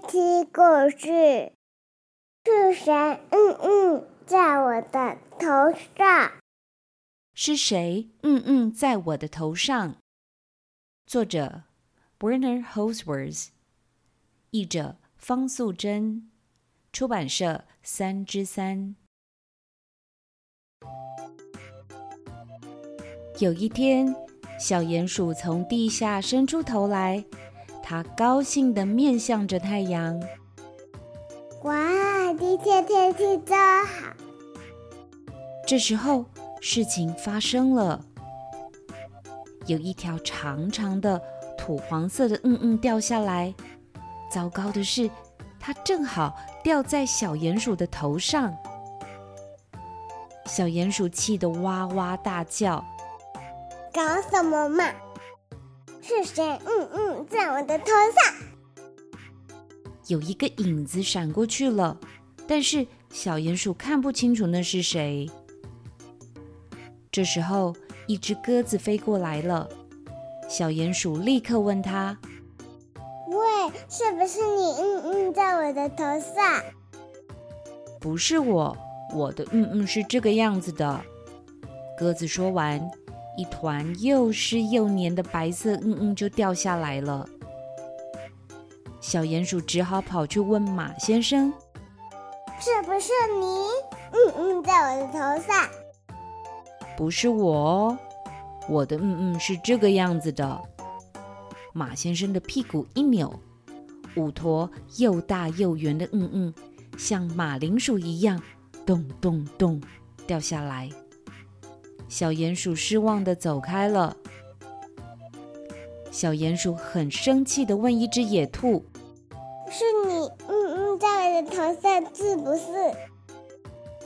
聽故事，是誰？嗯嗯，在我的頭上。是誰？嗯嗯，在我的頭上。作者：Werner Holzwarth，譯者：方素珍，出版社：三之三。有一天，小鼴鼠從地下伸出頭來。他高興的面向着太陽。哇，今天天氣真好。這時候，事情發生了，有一條長長的土黃色的“嗯嗯”掉下來。糟糕的是，它正好掉在小鼴鼠的頭上。小鼴鼠氣得哇哇大叫：“搞什麼嘛！”是誰嗯嗯在我的頭上？有一個影子閃過去了，但是小鼴鼠看不清楚那是誰。這時候，一隻鴿子飛過來了，小鼴鼠立刻問他：“喂，是不是你嗯嗯在我的頭上？”“不是我，我的嗯嗯是這個樣子的。”鴿子說完。一團又濕又黏的白色，嗯嗯，就掉下來了。小鼴鼠只好跑去問馬先生：“是不是你？嗯嗯，在我的頭上？”“不是我哦，我的嗯嗯是這個樣子的。”馬先生的屁股一扭，五坨又大又圓的嗯嗯，像馬鈴薯一樣，咚咚咚掉下來。小鼴鼠失望地走開了。小鼴鼠很生氣地問一隻野兔：“是你，嗯嗯，在我的頭上，是不是？”“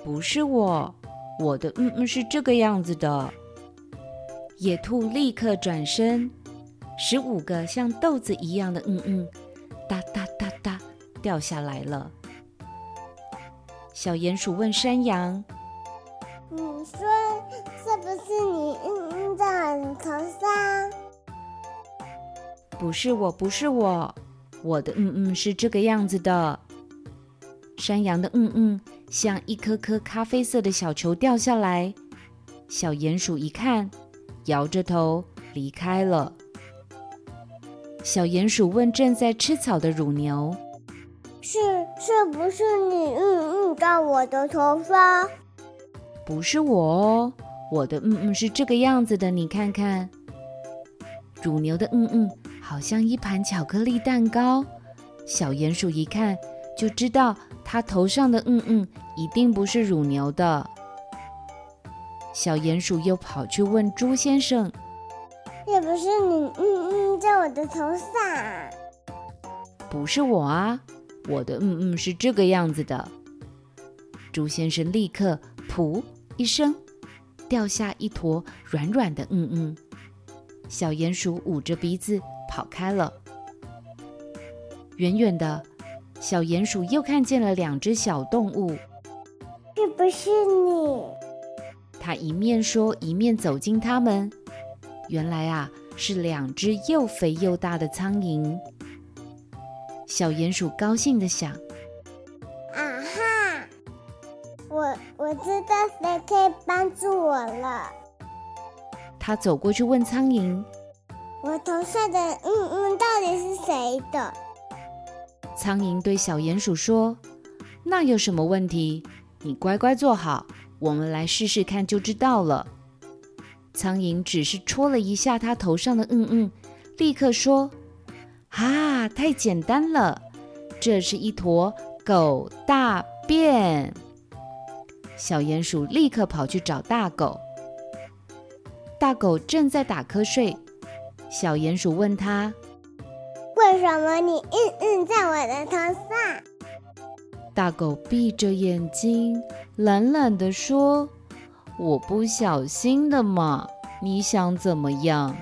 不是我，我的嗯嗯是這個樣子的。”野兔立刻轉身，十五個像豆子一樣的“嗯嗯”，噠噠噠噠噠，掉下來了。小鼴鼠問山羊。你說是不是你嗯嗯在我的頭上？不是我，不是我，我的嗯嗯是這個樣子的。山羊的嗯嗯像一顆顆咖啡色的小球掉下來。小鼴鼠一看，搖着頭離開了。小鼴鼠問正在吃草的乳牛：“是是不是你嗯嗯在我的頭髮？”不是我哦，我的嗯嗯是這個樣子的，你看看，乳牛的嗯嗯好像一盤巧克力蛋糕。小鼴鼠一看就知道，它頭上的嗯嗯一定不是乳牛的。小鼴鼠又跑去問豬先生：“是不是你嗯嗯在我的頭上，不是我啊，我的嗯嗯是這個樣子的。”豬先生立刻噗。一聲，掉下一坨軟軟的，嗯嗯。小鼴鼠捂着鼻子跑開了。遠遠的，小鼴鼠又看見了兩隻小動物，是不是你？它一面說一面走近它們。原來啊，是兩隻又肥又大的蒼蠅。小鼴鼠高興地想。我知道誰可以幫助我了。他走過去問蒼蠅：“我頭上的‘嗯嗯’到底是誰的？”蒼蠅對小鼴鼠說：“那有什麼問題？你乖乖坐好，我們來試試看就知道了。”蒼蠅只是戳了一下他頭上的“嗯嗯”，立刻說：“啊，太簡單了，這是一坨狗大便。”小鼴鼠立刻跑去找大狗。大狗正在打瞌睡，小鼴鼠問他：“為什麼你嗯嗯在我的頭上？”大狗閉着眼睛，懶懶的說：“我不小心的嘛，你想怎麼樣？”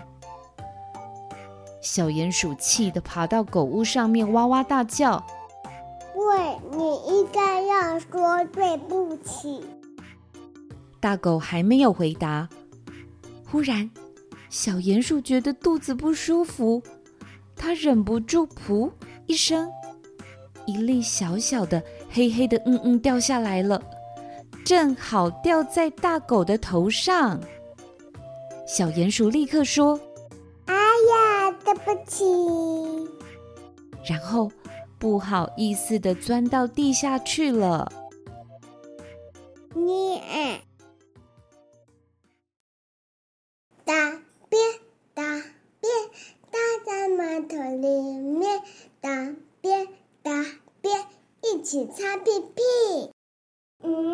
小鼴鼠氣得爬到狗屋上面，哇哇大叫。對，你應該要說對不起。大狗還沒有回答，忽然，小鼴鼠覺得肚子不舒服，它忍不住“噗”一聲，一粒小小的黑黑的“嗯嗯”掉下來了，正好掉在大狗的頭上。小鼴鼠立刻說：“哎呀，對不起！”然後。不好意思的，鑽到地下去了。你 Yeah.，大便大便，大在馬桶裡面，大便大便，一起擦屁屁。嗯。